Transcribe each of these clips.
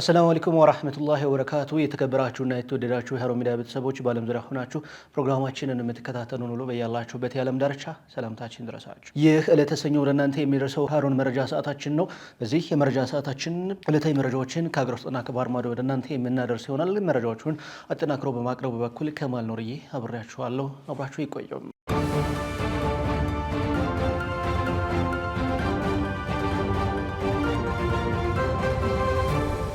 አሰላሙ አለይኩም ወራህመቱላሂ ወበረካቱ። የተከበራችሁና የተወደዳችሁ የሀሩን ሚዲያ ቤተሰቦች በዓለም ዙሪያ ሆናችሁ ፕሮግራማችንን የምትከታተሉን ሁሉ በያላችሁበት የዓለም ዳርቻ ሰላምታችን ድረሳችሁ። ይህ ዕለተ ሰኞ ወደ እናንተ የሚደርሰው ሀሩን መረጃ ሰዓታችን ነው። በዚህ የመረጃ ሰዓታችን ዕለታዊ መረጃዎችን ከሀገር ውስጥና ከባህር ማዶ ወደ እናንተ የምናደርስ ይሆናል። መረጃዎቹን አጠናክሮ በማቅረቡ በኩል ከማል ኖርዬ አብሬያችኋለሁ። አብራችሁ ይቆየም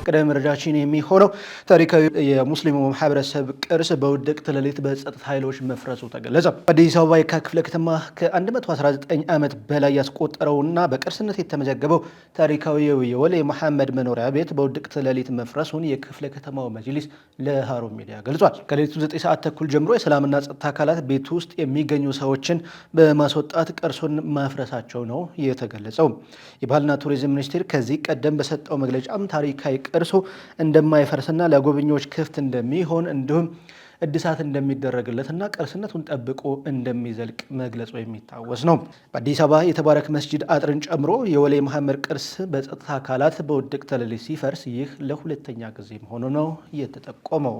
ቀዳሚ መረጃችን የሚሆነው ታሪካዊ የሙስሊሙ ማህበረሰብ ቅርስ በውድቅት ሌሊት በጸጥታ ኃይሎች መፍረሱ ተገለጸ። አዲስ አበባ የካ ክፍለ ከተማ ከ119 ዓመት በላይ ያስቆጠረውና በቅርስነት የተመዘገበው ታሪካዊው የወሌ መሐመድ መኖሪያ ቤት በውድቅት ሌሊት መፍረሱን የክፍለ ከተማው መጅሊስ ለሃሩን ሚዲያ ገልጿል። ከሌሊቱ 9 ሰዓት ተኩል ጀምሮ የሰላምና ጸጥታ አካላት ቤት ውስጥ የሚገኙ ሰዎችን በማስወጣት ቅርሱን ማፍረሳቸው ነው የተገለጸው። የባህልና ቱሪዝም ሚኒስቴር ከዚህ ቀደም በሰጠው መግለጫም ታሪካዊ ጨርሶ እንደማይፈርስና ለጎብኚዎች ክፍት እንደሚሆን እንዲሁም እድሳት እንደሚደረግለትና ቅርስነቱን ጠብቆ እንደሚዘልቅ መግለጹ የሚታወስ ነው። በአዲስ አበባ የተባረክ መስጂድ አጥርን ጨምሮ የወሌ መሐመድ ቅርስ በጸጥታ አካላት በውድቅ ሌሊት ሲፈርስ ይህ ለሁለተኛ ጊዜ መሆኑ ነው የተጠቆመው።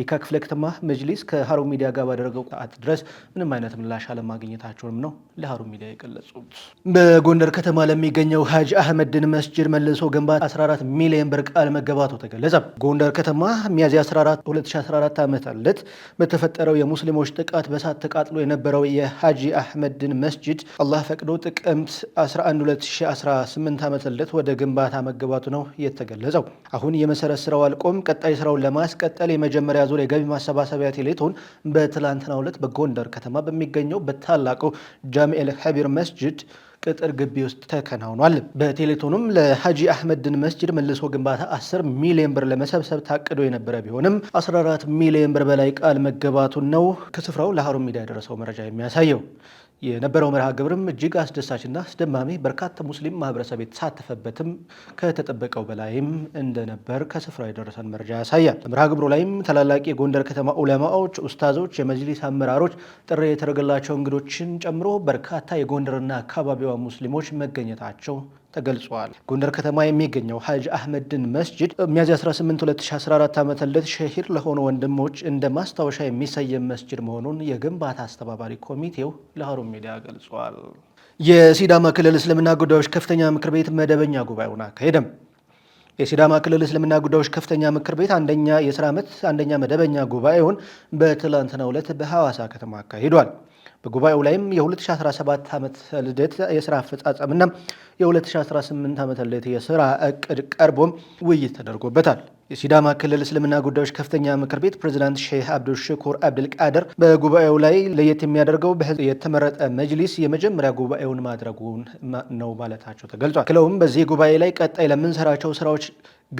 የካ ክፍለ ከተማ መጅሊስ ከሀሩን ሚዲያ ጋር ባደረገው ሰዓት ድረስ ምንም አይነት ምላሽ አለማግኘታቸውንም ነው ለሀሩን ሚዲያ የገለጹት። በጎንደር ከተማ ለሚገኘው ሀጅ አህመድን መስጅድ መልሶ ግንባታ 14 ሚሊዮን ብር ቃል መገባቱ ተገለጸ። ጎንደር ከተማ ሚያዝያ 14 2014 ዓ.ም ዕለት በተፈጠረው የሙስሊሞች ጥቃት በሳት ተቃጥሎ የነበረው የሐጂ አህመድን መስጂድ አላህ ፈቅዶ ጥቅምት 11 2018 ዓ ም ወደ ግንባታ መገባቱ ነው የተገለጸው። አሁን የመሰረት ስራው አልቆም ቀጣይ ስራውን ለማስቀጠል የመጀመሪያ ዙር የገቢ ማሰባሰቢያ ቴሌቶን በትላንትናው ዕለት በጎንደር ከተማ በሚገኘው በታላቁ ጃሚኤል ኸቢር መስጂድ ቅጥር ግቢ ውስጥ ተከናውኗል። በቴሌቶንም ለሀጂ አህመድን መስጅድ መልሶ ግንባታ 10 ሚሊዮን ብር ለመሰብሰብ ታቅዶ የነበረ ቢሆንም 14 ሚሊዮን ብር በላይ ቃል መገባቱን ነው ከስፍራው ለሀሩን ሚዲያ የደረሰው መረጃ የሚያሳየው። የነበረው መርሃ ግብርም እጅግ አስደሳችና አስደማሚ በርካታ ሙስሊም ማህበረሰብ የተሳተፈበትም ከተጠበቀው በላይም እንደነበር ከስፍራው የደረሰን መረጃ ያሳያል። መርሃ ግብሩ ላይም ታላላቅ የጎንደር ከተማ ዑለማዎች፣ ኡስታዞች፣ የመጅሊስ አመራሮች፣ ጥሪ የተደረገላቸው እንግዶችን ጨምሮ በርካታ የጎንደርና አካባቢዋ ሙስሊሞች መገኘታቸው ተገልጿል። ጎንደር ከተማ የሚገኘው ሀጅ አህመድን መስጅድ ሚያዝያ 18 2014 ዓ ም ሸሂር ለሆኑ ወንድሞች እንደ ማስታወሻ የሚሰየም መስጅድ መሆኑን የግንባታ አስተባባሪ ኮሚቴው ለሀሩን ሚዲያ ገልጿል። የሲዳማ ክልል እስልምና ጉዳዮች ከፍተኛ ምክር ቤት መደበኛ ጉባኤውን አካሄደም። የሲዳማ ክልል እስልምና ጉዳዮች ከፍተኛ ምክር ቤት አንደኛ የስራ ዓመት አንደኛ መደበኛ ጉባኤውን በትላንትናው ዕለት በሐዋሳ ከተማ አካሂዷል። በጉባኤው ላይም የ2017 ዓመት ልደት የስራ አፈጻጸምና የ2018 ዓመት ልደት የስራ እቅድ ቀርቦ ውይይት ተደርጎበታል። የሲዳማ ክልል እስልምና ጉዳዮች ከፍተኛ ምክር ቤት ፕሬዚዳንት ሼህ አብዱልሽኩር አብድልቃድር በጉባኤው ላይ ለየት የሚያደርገው በህዝብ የተመረጠ መጅሊስ የመጀመሪያ ጉባኤውን ማድረጉን ነው ማለታቸው ተገልጿል። ክለውም በዚህ ጉባኤ ላይ ቀጣይ ለምንሰራቸው ስራዎች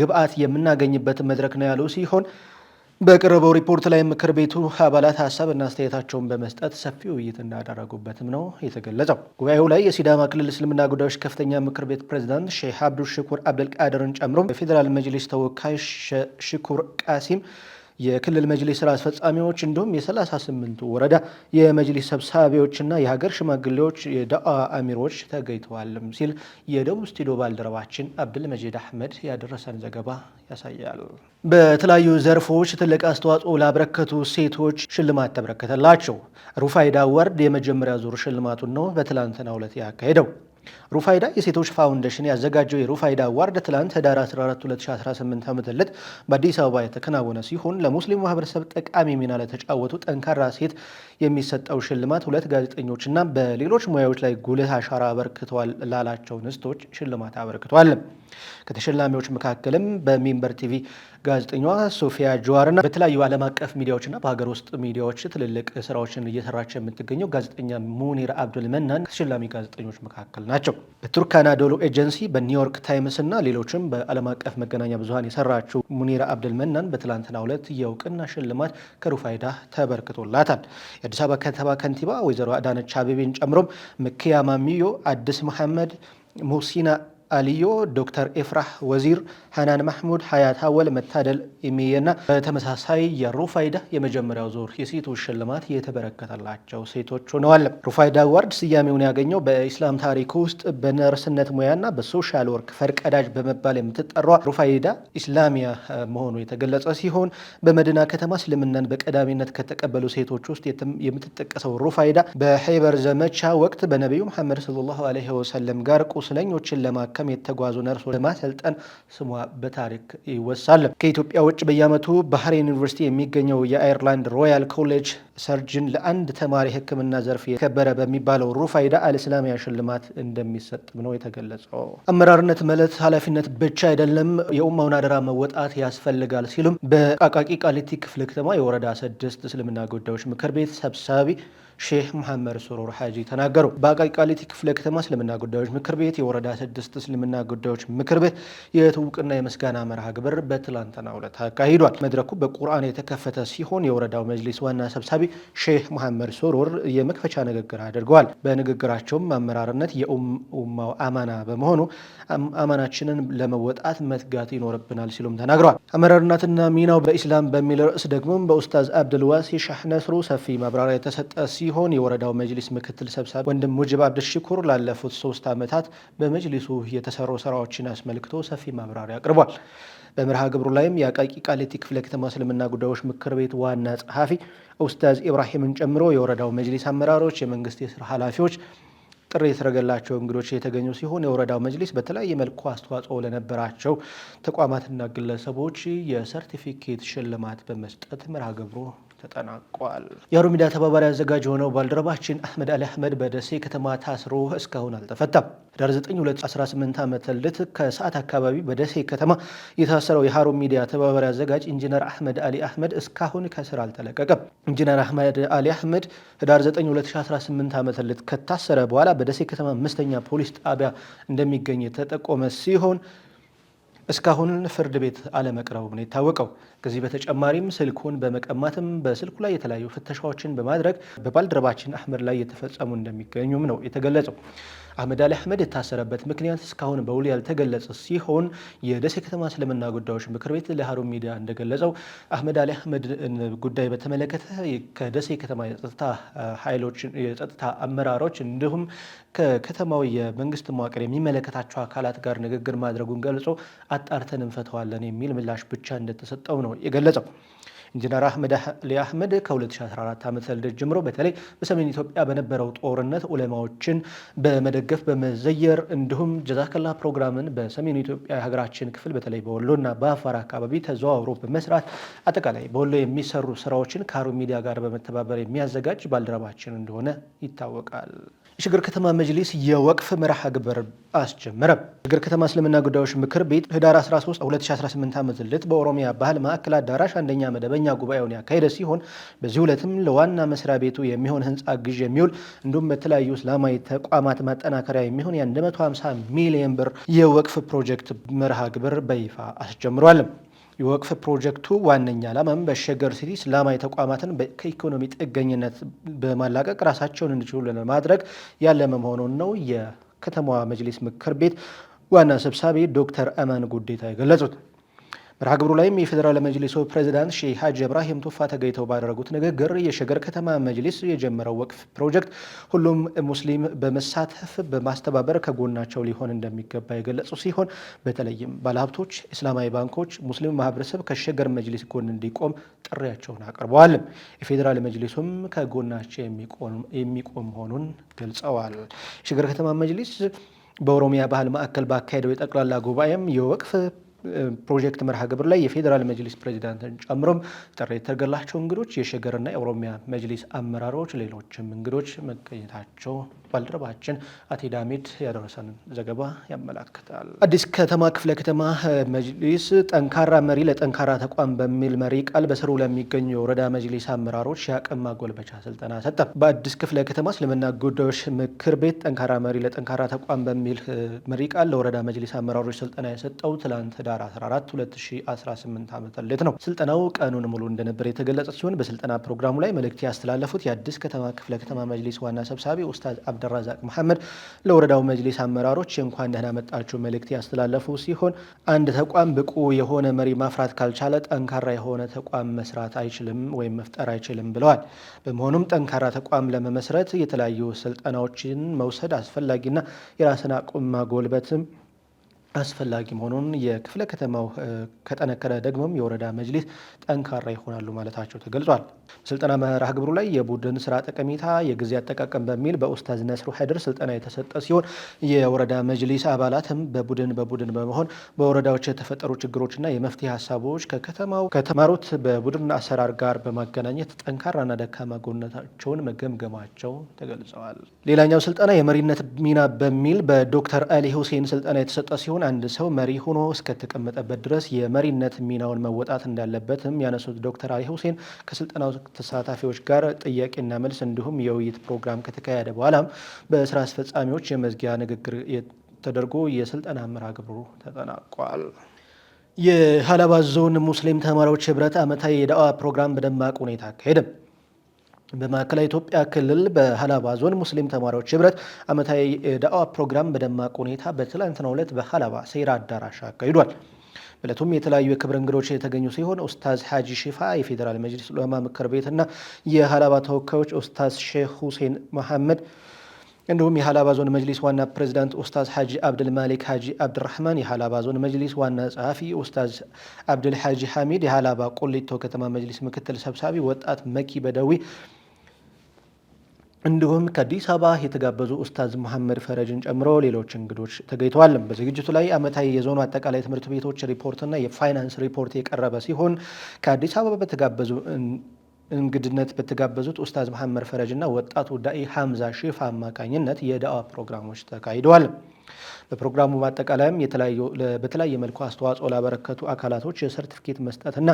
ግብአት የምናገኝበት መድረክ ነው ያሉ ሲሆን በቀረበው ሪፖርት ላይ ምክር ቤቱ አባላት ሀሳብ እና አስተያየታቸውን በመስጠት ሰፊ ውይይት እንዳደረጉበትም ነው የተገለጸው። ጉባኤው ላይ የሲዳማ ክልል እስልምና ጉዳዮች ከፍተኛ ምክር ቤት ፕሬዚዳንት ሼህ አብዱሽኩር ሽኩር አብደልቃድርን ጨምሮ የፌዴራል መጅሊስ ተወካይ ሽኩር ቃሲም የክልል መጅሊስ ስራ አስፈጻሚዎች እንዲሁም የ 38 ወረዳ የመጅሊስ ሰብሳቢዎችና የሀገር ሽማግሌዎች የዳዋ አሚሮች ተገኝተዋልም ሲል የደቡብ ስቱዲዮ ባልደረባችን አብድልመጂድ አህመድ ያደረሰን ዘገባ ያሳያል። በተለያዩ ዘርፎች ትልቅ አስተዋጽኦ ላበረከቱ ሴቶች ሽልማት ተበረከተላቸው። ሩፋይዳ ወርድ የመጀመሪያ ዙር ሽልማቱን ነው በትላንትናው ዕለት ያካሄደው። ሩፋይዳ የሴቶች ፋውንዴሽን ያዘጋጀው የሩፋይዳ አዋርድ ትላንት ህዳር 14 2018 ዓ.ም በአዲስ አበባ የተከናወነ ሲሆን ለሙስሊም ማህበረሰብ ጠቃሚ ሚና ለተጫወቱ ጠንካራ ሴት የሚሰጠው ሽልማት ሁለት ጋዜጠኞችና በሌሎች ሙያዎች ላይ ጉልህ አሻራ አበርክተዋል ላላቸው ንስቶች ሽልማት አበርክቷል። ከተሸላሚዎች መካከልም በሚንበር ቲቪ ጋዜጠኛዋ ሶፊያ ጀዋር በተለያዩ ዓለም አቀፍ ሚዲያዎችና በሀገር ውስጥ ሚዲያዎች ትልልቅ ስራዎችን እየሰራች የምትገኘው ጋዜጠኛ ሙኒር አብዱል መናን ከተሸላሚ ጋዜጠኞች መካከል ናቸው። በቱርካና ዶሎ ኤጀንሲ፣ በኒውዮርክ ታይምስ እና ሌሎችም በዓለም አቀፍ መገናኛ ብዙሀን የሰራችው ሙኒር አብዱል መናን በትላንትናው ዕለት የእውቅና ሽልማት ከሩፋይዳ ተበርክቶላታል። የአዲስ አበባ ከተማ ከንቲባ ወይዘሮ አዳነች አቤቤን ጨምሮም ምክያማ ሚዮ፣ አዲስ መሐመድ፣ ሙሲና አልዮ ዶክተር ኤፍራህ ወዚር ሐናን ማህሙድ ሀያት አወል መታደል የሚየና በተመሳሳይ የሩፋይዳ የመጀመሪያው ዙር የሴቶች ሽልማት የተበረከተላቸው ሴቶች ሆነዋል። ሩፋይዳ ዋርድ ስያሜውን ያገኘው በኢስላም ታሪክ ውስጥ በነርስነት ሙያና በሶሻል ወርክ ፈርቀዳጅ በመባል የምትጠራ ሩፋይዳ ኢስላሚያ መሆኑ የተገለጸ ሲሆን በመዲና ከተማ እስልምናን በቀዳሚነት ከተቀበሉ ሴቶች ውስጥ የምትጠቀሰው ሩፋይዳ በሀይበር ዘመቻ ወቅት በነቢዩ መሐመድ ሰለላሁ ዓለይሂ ወሰለም ጋር ቁስለኞችን ለማ ለማከም የተጓዙ ነርሶ ለማሰልጠን ስሟ በታሪክ ይወሳል። ከኢትዮጵያ ውጭ በየዓመቱ ባህሬን ዩኒቨርሲቲ የሚገኘው የአይርላንድ ሮያል ኮሌጅ ሰርጅን ለአንድ ተማሪ ሕክምና ዘርፍ የከበረ በሚባለው ሩፋይዳ አልእስላሚያ ሽልማት እንደሚሰጥም ነው የተገለጸው። አመራርነት ማለት ኃላፊነት ብቻ አይደለም፣ የኡማውን አደራ መወጣት ያስፈልጋል ሲሉም በአቃቂ ቃሊቲ ክፍለ ከተማ የወረዳ ስድስት እስልምና ጉዳዮች ምክር ቤት ሰብሳቢ ሼህ መሐመድ ሱሩር ሀጂ ተናገሩ። በአቃቂ ቃሊቲ ክፍለ ከተማ እስልምና ጉዳዮች ምክር ቤት የወረዳ ስድስት እስልምና ጉዳዮች ምክር ቤት የትውቅና የምስጋና መርሃ ግብር በትላንትና ዕለት አካሂዷል። መድረኩ በቁርአን የተከፈተ ሲሆን የወረዳው መጅሊስ ዋና ሰብሳቢ ሼህ መሐመድ ሱሩር የመክፈቻ ንግግር አድርገዋል። በንግግራቸውም አመራርነት የኡማው አማና በመሆኑ አማናችንን ለመወጣት መትጋት ይኖርብናል ሲሉም ተናግረዋል። አመራርነትና ሚናው በኢስላም በሚል ርዕስ ደግሞ በኡስታዝ አብድልዋሲ ሻህ ነስሩ ሰፊ ማብራሪያ የተሰጠ ሲ ሲሆን የወረዳው መጅሊስ ምክትል ሰብሳቢ ወንድም ሙጅብ አብደሽኩር ላለፉት ሶስት ዓመታት በመጅሊሱ የተሰሩ ስራዎችን አስመልክቶ ሰፊ ማብራሪያ አቅርቧል። በመርሃ ግብሩ ላይም የአቃቂ ቃሊቲ ክፍለ ከተማ እስልምና ጉዳዮች ምክር ቤት ዋና ጸሐፊ ኡስታዝ ኢብራሂምን ጨምሮ የወረዳው መጅሊስ አመራሮች፣ የመንግስት የስራ ኃላፊዎች ጥሪ የተደረገላቸው እንግዶች የተገኙ ሲሆን የወረዳው መጅሊስ በተለያየ መልኩ አስተዋጽኦ ለነበራቸው ተቋማትና ግለሰቦች የሰርቲፊኬት ሽልማት በመስጠት መርሃ ግብሩ ተጠናቋል። የሀሩ ሚዲያ ተባባሪ አዘጋጅ የሆነው ባልደረባችን አህመድ አሊ አህመድ በደሴ ከተማ ታስሮ እስካሁን አልተፈታም። ዳር 9218 ዓመ ልት ከሰዓት አካባቢ በደሴ ከተማ የታሰረው የሀሩ ሚዲያ ተባባሪ አዘጋጅ ኢንጂነር አህመድ አሊ አህመድ እስካሁን ከስራ አልተለቀቀም። ኢንጂነር አህመድ አሊ አህመድ ኅዳር 9218 2018 ልት ከታሰረ በኋላ በደሴ ከተማ አምስተኛ ፖሊስ ጣቢያ እንደሚገኝ የተጠቆመ ሲሆን እስካሁን ፍርድ ቤት አለመቅረቡ ነው የታወቀው። ከዚህ በተጨማሪም ስልኩን በመቀማትም በስልኩ ላይ የተለያዩ ፍተሻዎችን በማድረግ በባልደረባችን አህመድ ላይ የተፈጸሙ እንደሚገኙም ነው የተገለጸው። አህመድ አሊ አህመድ የታሰረበት ምክንያት እስካሁን በውል ያልተገለጸ ሲሆን የደሴ ከተማ እስልምና ጉዳዮች ምክር ቤት ለሀሩን ሚዲያ እንደገለጸው አህመድ አሊ አህመድ ጉዳይ በተመለከተ ከደሴ ከተማ የጸጥታ ኃይሎች የጸጥታ አመራሮች እንዲሁም ከከተማው የመንግስት መዋቅር የሚመለከታቸው አካላት ጋር ንግግር ማድረጉን ገልጾ አጣርተን እንፈተዋለን የሚል ምላሽ ብቻ እንደተሰጠው ነው የገለጸው። ኢንጂነር አህመድ አሊ አህመድ ከ2014 ዓ ም ጀምሮ በተለይ በሰሜን ኢትዮጵያ በነበረው ጦርነት ዑለማዎችን በመደገፍ በመዘየር እንዲሁም ጀዛከላ ፕሮግራምን በሰሜን ኢትዮጵያ የሀገራችን ክፍል በተለይ በወሎና በአፋር አካባቢ ተዘዋውሮ በመስራት አጠቃላይ በወሎ የሚሰሩ ስራዎችን ከሀሩን ሚዲያ ጋር በመተባበር የሚያዘጋጅ ባልደረባችን እንደሆነ ይታወቃል። የሸገር ከተማ መጅሊስ የወቅፍ መርሃ ግብር አስጀመረ። ሽግር ከተማ እስልምና ጉዳዮች ምክር ቤት ህዳር 13 2018 ዓ.ም በኦሮሚያ ባህል ማዕከል አዳራሽ አንደኛ መደበኛ ሁለተኛ ጉባኤውን ያካሄደ ሲሆን በዚህ ዕለትም ለዋና መስሪያ ቤቱ የሚሆን ህንፃ ግዥ የሚውል እንዲሁም በተለያዩ እስላማዊ ተቋማት ማጠናከሪያ የሚሆን የ150 ሚሊዮን ብር የወቅፍ ፕሮጀክት መርሃ ግብር በይፋ አስጀምሯል። የወቅፍ ፕሮጀክቱ ዋነኛ ዓላማም በሸገር ሲቲ እስላማዊ ተቋማትን ከኢኮኖሚ ጥገኝነት በማላቀቅ ራሳቸውን እንዲችሉ ለማድረግ ያለመ መሆኑን ነው የከተማዋ መጅሊስ ምክር ቤት ዋና ሰብሳቢ ዶክተር አማን ጉዴታ የገለጹት። መርሃ ግብሩ ላይም የፌዴራል መጅሊሱ ፕሬዚዳንት ሼህ ሀጅ እብራሂም ቱፋ ተገኝተው ባደረጉት ንግግር የሸገር ከተማ መጅሊስ የጀመረው ወቅፍ ፕሮጀክት ሁሉም ሙስሊም በመሳተፍ በማስተባበር ከጎናቸው ሊሆን እንደሚገባ የገለጹ ሲሆን በተለይም ባለሀብቶች፣ እስላማዊ ባንኮች ሙስሊም ማህበረሰብ ከሸገር መጅሊስ ጎን እንዲቆም ጥሪያቸውን አቅርበዋል። የፌዴራል መጅሊሱም ከጎናቸው የሚቆም መሆኑን ገልጸዋል። የሸገር ከተማ መጅሊስ በኦሮሚያ ባህል ማዕከል ባካሄደው የጠቅላላ ጉባኤም የወቅፍ ፕሮጀክት መርሃ ግብር ላይ የፌዴራል መጅሊስ ፕሬዚዳንትን ጨምሮም ጥሪ የተደረገላቸው እንግዶች የሸገርና የኦሮሚያ መጅሊስ አመራሮች፣ ሌሎችም እንግዶች መገኘታቸው ባልደረባችን አቴ ዳሚድ ዘገባ ያመላክታል። አዲስ ከተማ ክፍለ ከተማ መጅሊስ ጠንካራ መሪ ለጠንካራ ተቋም በሚል መሪ ቃል በስሩ ለሚገኙ የወረዳ መጅሊስ አመራሮች የአቅም ማጎልበቻ ስልጠና ሰጠ። በአዲስ ክፍለ ከተማ እስልምና ጉዳዮች ምክር ቤት ጠንካራ መሪ ለጠንካራ ተቋም በሚል መሪ ቃል ለወረዳ መጅሊስ አመራሮች ስልጠና የሰጠው ትላንት ዳር 14 2018 ዓ ሌት ነው። ስልጠናው ቀኑን ሙሉ እንደነበር የተገለጸ ሲሆን በስልጠና ፕሮግራሙ ላይ መልእክት ያስተላለፉት የአዲስ ከተማ ክፍለ ከተማ መጅሊስ ዋና ሰብሳቢ ኡስታዝ አብደራዛቅ መሐመድ ለወረዳው መጅሊስ አመራሮች የእንኳን ደህና መጣችሁ መልእክት ያስተላለፉ ሲሆን አንድ ተቋም ብቁ የሆነ መሪ ማፍራት ካልቻለ ጠንካራ የሆነ ተቋም መስራት አይችልም ወይም መፍጠር አይችልም ብለዋል። በመሆኑም ጠንካራ ተቋም ለመመስረት የተለያዩ ስልጠናዎችን መውሰድ አስፈላጊና የራስን አቁም ማጎልበትም አስፈላጊ መሆኑን የክፍለ ከተማው ከጠነከረ ደግሞም የወረዳ መጅሊስ ጠንካራ ይሆናሉ ማለታቸው ተገልጿል። በስልጠና መርሃ ግብሩ ላይ የቡድን ስራ ጠቀሜታ፣ የጊዜ አጠቃቀም በሚል በኡስታዝ ነስሩ ሀይድር ስልጠና የተሰጠ ሲሆን የወረዳ መጅሊስ አባላትም በቡድን በቡድን በመሆን በወረዳዎች የተፈጠሩ ችግሮችና የመፍትሄ ሀሳቦች ከከተማው ከተማሩት በቡድን አሰራር ጋር በማገናኘት ጠንካራና ደካማ ጎነታቸውን መገምገማቸው ተገልጸዋል። ሌላኛው ስልጠና የመሪነት ሚና በሚል በዶክተር አሊ ሁሴን ስልጠና የተሰጠ ሲሆን አንድ ሰው መሪ ሆኖ እስከተቀመጠበት ድረስ የመሪነት ሚናውን መወጣት እንዳለበትም ያነሱት ዶክተር አሊ ሁሴን ከስልጠናው ተሳታፊዎች ጋር ጥያቄና መልስ እንዲሁም የውይይት ፕሮግራም ከተካሄደ በኋላም በስራ አስፈጻሚዎች የመዝጊያ ንግግር ተደርጎ የስልጠና መርሃ ግብሩ ተጠናቋል። የሀላባ ዞን ሙስሊም ተማሪዎች ህብረት ዓመታዊ የዳዋ ፕሮግራም በደማቅ ሁኔታ አካሄደም። በማዕከላዊ ኢትዮጵያ ክልል በሀላባ ዞን ሙስሊም ተማሪዎች ህብረት ዓመታዊ ዳዕዋ ፕሮግራም በደማቅ ሁኔታ በትላንትናው ዕለት በሀላባ ሰይራ አዳራሽ አካሂዷል። በዕለቱም የተለያዩ የክብር እንግዶች የተገኙ ሲሆን ኡስታዝ ሀጂ ሽፋ የፌዴራል መጅሊስ ዑለማ ምክር ቤትና የሀላባ ተወካዮች ኡስታዝ ሼህ ሁሴን መሐመድ እንዲሁም የሀላባ ዞን መጅሊስ ዋና ፕሬዚዳንት ኡስታዝ ሐጂ አብድል ማሊክ ሐጂ አብድራህማን፣ የሀላባ ዞን መጅሊስ ዋና ጸሐፊ ኡስታዝ አብድል ሐጂ ሐሚድ፣ የሀላባ ቆሊቶ ከተማ መጅሊስ ምክትል ሰብሳቢ ወጣት መኪ በደዊ እንዲሁም ከአዲስ አበባ የተጋበዙ ኡስታዝ መሐመድ ፈረጅን ጨምሮ ሌሎች እንግዶች ተገኝተዋል። በዝግጅቱ ላይ ዓመታዊ የዞኑ አጠቃላይ ትምህርት ቤቶች ሪፖርትና የፋይናንስ ሪፖርት የቀረበ ሲሆን ከአዲስ አበባ በተጋበዙ እንግድነት በተጋበዙት ኡስታዝ መሐመድ ፈረጅና ወጣቱ ዳኢ ሐምዛ ሺፍ አማካኝነት የዳዋ ፕሮግራሞች ተካሂደዋል። በፕሮግራሙ ማጠቃለያም በተለያየ መልኩ አስተዋጽኦ ላበረከቱ አካላቶች የሰርቲፊኬት መስጠትና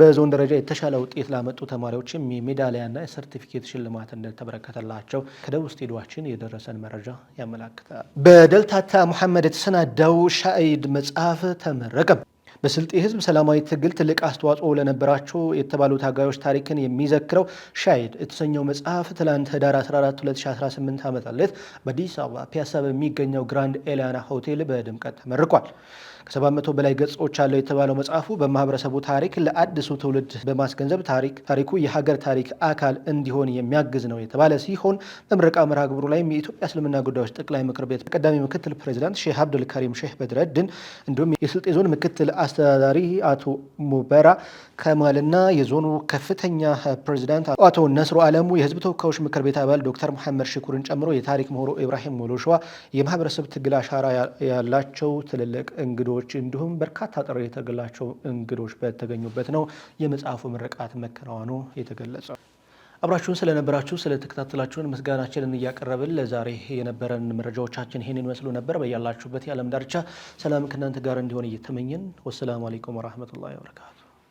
በዞን ደረጃ የተሻለ ውጤት ላመጡ ተማሪዎችም የሜዳሊያና የሰርቲፊኬት ሽልማት እንደተበረከተላቸው ከደቡብ ስቱዲዮአችን የደረሰን መረጃ ያመላክታል። በደልታታ መሐመድ የተሰናዳው ሻኢድ መጽሐፍ ተመረቀም። በስልጤ ህዝብ ሰላማዊ ትግል ትልቅ አስተዋጽኦ ለነበራቸው የተባሉ ታጋዮች ታሪክን የሚዘክረው ሻይድ የተሰኘው መጽሐፍ ትላንት ህዳር 14 2018 ዓ.ም በአዲስ አበባ ፒያሳ በሚገኘው ግራንድ ኤሊያና ሆቴል በድምቀት ተመርቋል። ከሰባት መቶ በላይ ገጾች አለው የተባለው መጽሐፉ በማህበረሰቡ ታሪክ ለአዲሱ ትውልድ በማስገንዘብ ታሪክ ታሪኩ የሀገር ታሪክ አካል እንዲሆን የሚያግዝ ነው የተባለ ሲሆን በምረቃ መርሃ ግብሩ ላይም የኢትዮጵያ እስልምና ጉዳዮች ጠቅላይ ምክር ቤት ቀዳሚ ምክትል ፕሬዚዳንት ሼህ አብዱል ሼህ በድረድን እንዲሁም የስልጤ ዞን ምክትል አስተዳዳሪ አቶ ሙበራ ከማልና የዞኑ ከፍተኛ ፕሬዚዳንት አቶ ነስሮ አለሙ የህዝብ ተወካዮች ምክር ቤት አባል ዶክተር መሐመድ ሽኩርን ጨምሮ የታሪክ ምሁሩ ኢብራሂም ሞሎሸዋ የማህበረሰብ ትግል አሻራ ያላቸው ትልልቅ እንግዶ እንግዶች እንዲሁም በርካታ ጥሪ የተገላቸው እንግዶች በተገኙበት ነው የመጽሐፉ ምረቃት መከናወኑ የተገለጸው። አብራችሁን ስለነበራችሁ ስለተከታተላችሁን ምስጋናችንን እያቀረብን ለዛሬ የነበረን መረጃዎቻችን ይህን ይመስሉ ነበር። በያላችሁበት የዓለም ዳርቻ ሰላም ከእናንተ ጋር እንዲሆን እየተመኘን ወሰላሙ አሌይኩም ወራህመቱላሂ ወበረካቱ።